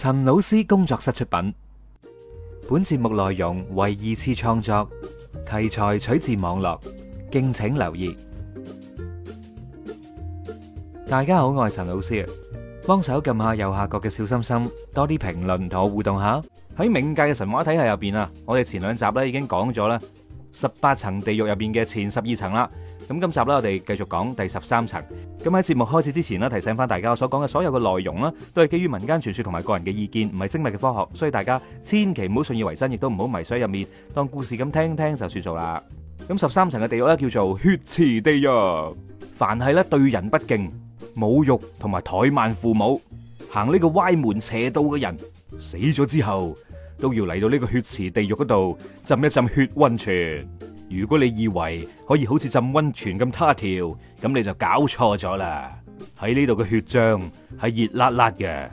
陳老師工作室出品，本節目內容為二次創作，題材取自網絡，敬請留意。大家好，我係陳老師，幫手撳下右下角嘅小心心，多啲評論同我互動下。喺冥界嘅神話體系入邊啊，我哋前兩集咧已經講咗啦，十八層地獄入邊嘅前十二層啦。咁今集咧，我哋繼續講第十三層。咁喺節目開始之前咧，提醒翻大家，我所講嘅所有嘅內容咧，都係基於民間傳說同埋個人嘅意見，唔係精密嘅科學，所以大家千祈唔好信以為真，亦都唔好迷水入面當故事咁聽聽就算數啦。咁十三層嘅地獄咧叫做血池地獄，凡係咧對人不敬、侮辱同埋怠慢父母、行呢個歪門邪道嘅人，死咗之後都要嚟到呢個血池地獄嗰度浸一浸血溫泉。如果你以為可以好似浸溫泉咁他條，咁你就搞錯咗啦！喺呢度嘅血漿係熱辣辣嘅，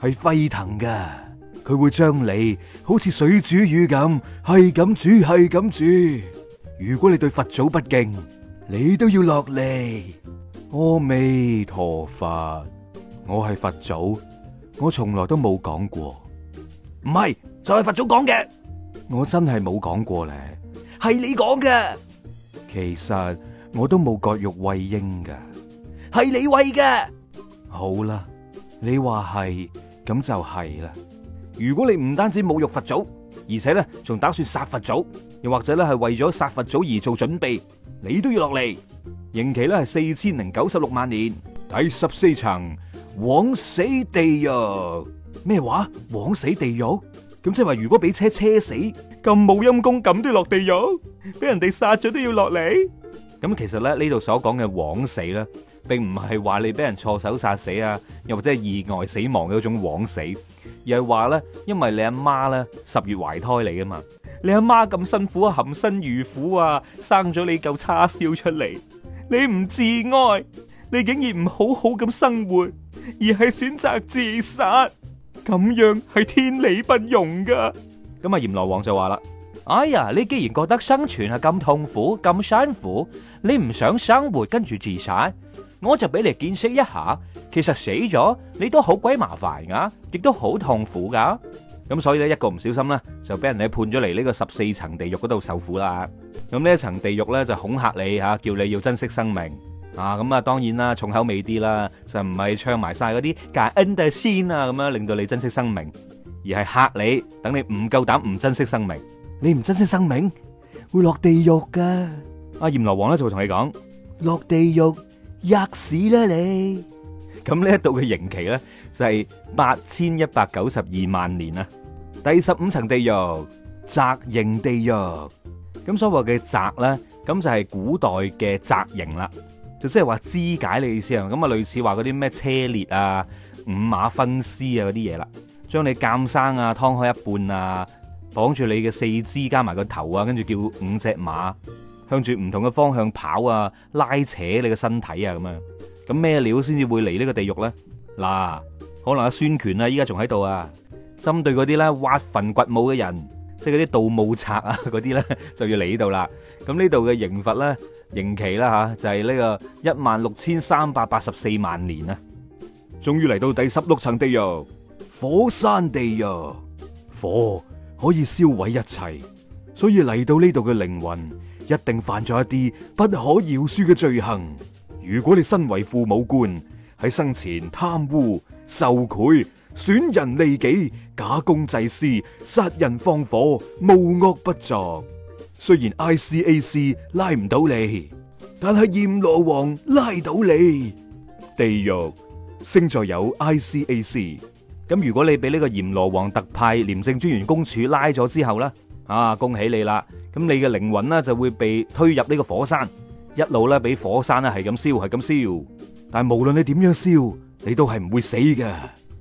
係沸騰嘅，佢會將你好似水煮魚咁，係咁煮係咁煮。如果你對佛祖不敬，你都要落嚟。阿彌陀佛，我係佛祖，我從來都冇講過。唔係就係、是、佛祖講嘅，我真係冇講過咧。係你講嘅，其實我都冇割肉餵鷹噶，係你餵嘅。好啦，你話係咁就係啦。如果你唔單止侮辱佛祖，而且咧仲打算殺佛祖，又或者咧係為咗殺佛祖而做準備，你都要落嚟，刑期咧係四千零九十六萬年，第十四層，枉死地獄。咩話？枉死地獄？咁即係話如果俾車車死？咁冇陰功，咁都落地獄，俾人哋殺咗都要落嚟。咁其實咧，呢度所講嘅枉死咧，並唔係話你俾人錯手殺死啊，又或者係意外死亡嘅一種枉死，而係話咧，因為你阿媽咧十月懷胎嚟噶嘛，你阿媽咁辛苦啊，含辛茹苦啊，生咗你嚿叉燒出嚟，你唔自愛，你竟然唔好好咁生活，而係選擇自殺，咁樣係天理不容噶。咁啊，閻羅王就話啦：，哎呀，你既然覺得生存係咁痛苦，咁辛苦，你唔想生活，跟住自殺，我就俾你見識一下，其實死咗你都好鬼麻煩噶，亦都好痛苦噶。咁所以咧，一個唔小心咧，就俾人哋判咗嚟，呢個十四層地獄嗰度受苦啦。咁呢一層地獄咧就恐嚇你吓，叫你要珍惜生命。啊，咁啊，當然啦，重口味啲啦，就唔係唱埋晒嗰啲 get Under the Sea 啊，咁樣令到你珍惜生命。而係吓你，等你唔夠膽唔珍惜生命。你唔珍惜生命，會落地獄噶。阿閻羅王咧就會同你講：落地獄，吔屎啦你！咁呢一度嘅刑期咧就係八千一百九十二萬年啦。第十五層地獄，磔刑地獄。咁所謂嘅磔咧，咁就係古代嘅磔刑啦，就即係話肢解你意思啊。咁啊類似話嗰啲咩車裂啊、五馬分屍啊嗰啲嘢啦。將你監生啊，劏開一半啊，綁住你嘅四肢加埋個頭啊，跟住叫五隻馬向住唔同嘅方向跑啊，拉扯你嘅身體啊咁樣。咁咩料先至會嚟呢個地獄咧？嗱、啊，可能阿孫權啊，依家仲喺度啊，針對嗰啲咧挖墳掘墓嘅人，即係嗰啲盜墓賊啊嗰啲咧，就要嚟呢度啦。咁呢度嘅刑罰咧，刑期啦嚇，就係呢個一萬六千三百八十四萬年啊！終於嚟到第十六層地獄。火山地獄，火可以燒毀一切，所以嚟到呢度嘅靈魂一定犯咗一啲不可饒恕嘅罪行。如果你身為父母官喺生前貪污受賄、損人利己、假公濟私、殺人放火無惡不作，雖然 ICAC 拉唔到你，但係閻羅王拉到你。地獄勝在有 ICAC。咁如果你俾呢個閻羅王特派廉政專員公署拉咗之後咧，啊恭喜你啦！咁你嘅靈魂呢就會被推入呢個火山，一路呢，俾火山咧係咁燒係咁燒，但係無論你點樣燒，你都係唔會死嘅，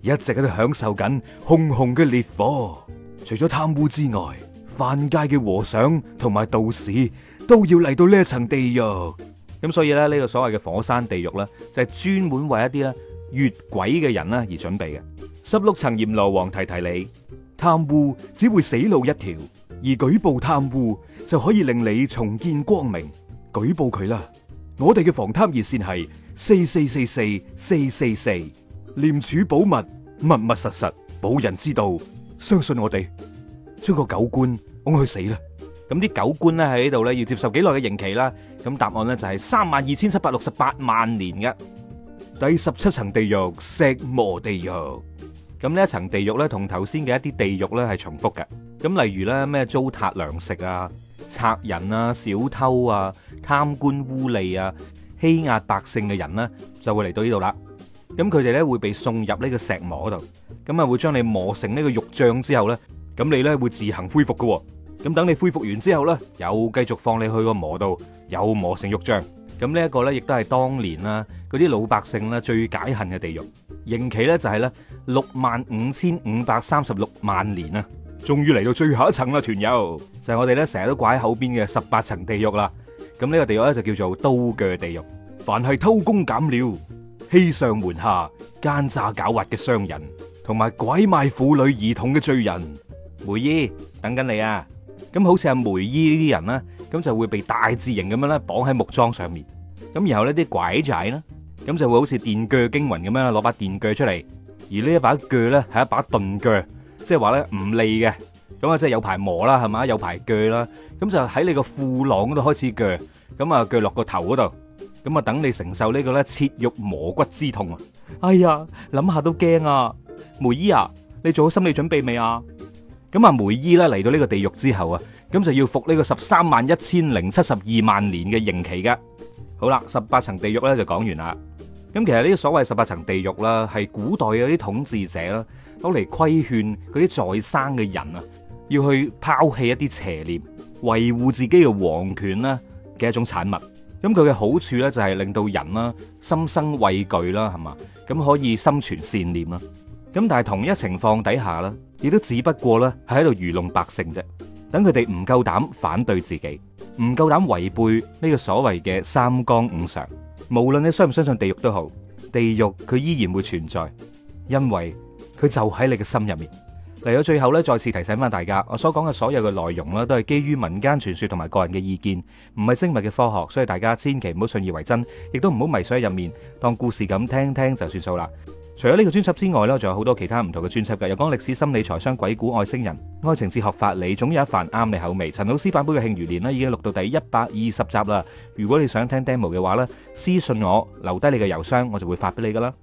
一直喺度享受緊熊熊嘅烈火。除咗貪污之外，犯戒嘅和尚同埋道士都要嚟到呢一層地獄。咁所以咧呢、呢個所謂嘅火山地獄呢，就係專門為一啲咧越軌嘅人呢而準備嘅。十六層閻羅王提提你，貪污只會死路一條，而舉報貪污就可以令你重見光明。舉報佢啦！我哋嘅防貪熱線係四四四四四四四，廉署保密，密密實實，冇人知道。相信我哋，將個狗官㧬去死啦！咁啲狗官咧喺呢度咧要接受幾耐嘅刑期啦？咁答案咧就係三萬二千七百六十八萬年嘅第十七層地獄石磨地獄。咁呢一層地獄咧，同頭先嘅一啲地獄咧係重複嘅。咁例如咧咩糟蹋糧食啊、賊人啊、小偷啊、貪官污吏啊、欺壓百姓嘅人咧，就會嚟到呢度啦。咁佢哋咧會被送入呢個石磨度，咁啊會將你磨成呢個肉醬之後咧，咁你咧會自行恢復嘅。咁等你恢復完之後咧，又繼續放你去個磨度，又磨成肉醬。咁呢一個咧，亦都係當年啦，嗰啲老百姓咧最解恨嘅地獄，刑期咧就係咧六萬五千五百三十六萬年啊！終於嚟到最後一層啦，團友就係我哋咧成日都掛喺口邊嘅十八層地獄啦。咁呢個地獄咧就叫做刀鋸地獄，凡係偷工減料、欺上瞞下、奸詐狡猾嘅商人，同埋拐賣婦女兒童嘅罪人，梅姨等緊你啊！咁好似阿梅姨呢啲人呢。咁就會被大字形咁樣咧綁喺木樁上面，咁然後呢啲拐仔咧，咁就會好似電鋸驚魂咁樣攞把電鋸出嚟，而呢一把鋸咧係一把鈍鋸，即係話咧唔利嘅，咁啊即係有排磨啦，係咪有排鋸啦，咁就喺你個褲囊嗰度開始鋸，咁啊鋸落個頭嗰度，咁啊等你承受呢個咧切肉磨骨之痛啊！哎呀，諗下都驚啊！梅姨啊，你做好心理準備未啊？咁啊梅姨咧嚟到呢個地獄之後啊。咁就要服呢個十三萬一千零七十二萬年嘅刑期噶。好啦，十八層地獄咧就講完啦。咁其實呢個所謂十八層地獄啦，係古代嗰啲統治者啦，攞嚟規勸嗰啲在生嘅人啊，要去拋棄一啲邪念，維護自己嘅皇權啦嘅一種產物。咁佢嘅好處咧就係令到人啦心生畏懼啦，係嘛，咁可以心存善念啦。咁但係同一情況底下咧，亦都只不過咧係喺度愚弄百姓啫。等佢哋唔夠膽反對自己，唔夠膽違背呢個所謂嘅三綱五常。無論你相唔相信地獄都好，地獄佢依然會存在，因為佢就喺你嘅心入面。嚟到最後咧，再次提醒返大家，我所講嘅所有嘅內容咧，都係基於民間傳說同埋個人嘅意見，唔係精密嘅科學，所以大家千祈唔好信以為真，亦都唔好迷上喺入面，當故事咁聽聽就算數啦。除咗呢個專輯之外咧，仲有好多其他唔同嘅專輯嘅，有講歷史、心理、財商、鬼故、外星人、愛情哲學法、法理，總有一份啱你口味。陳老師版本嘅《慶餘年》咧，已經錄到第一百二十集啦。如果你想聽 demo 嘅話咧，私信我，留低你嘅郵箱，我就會發俾你噶啦。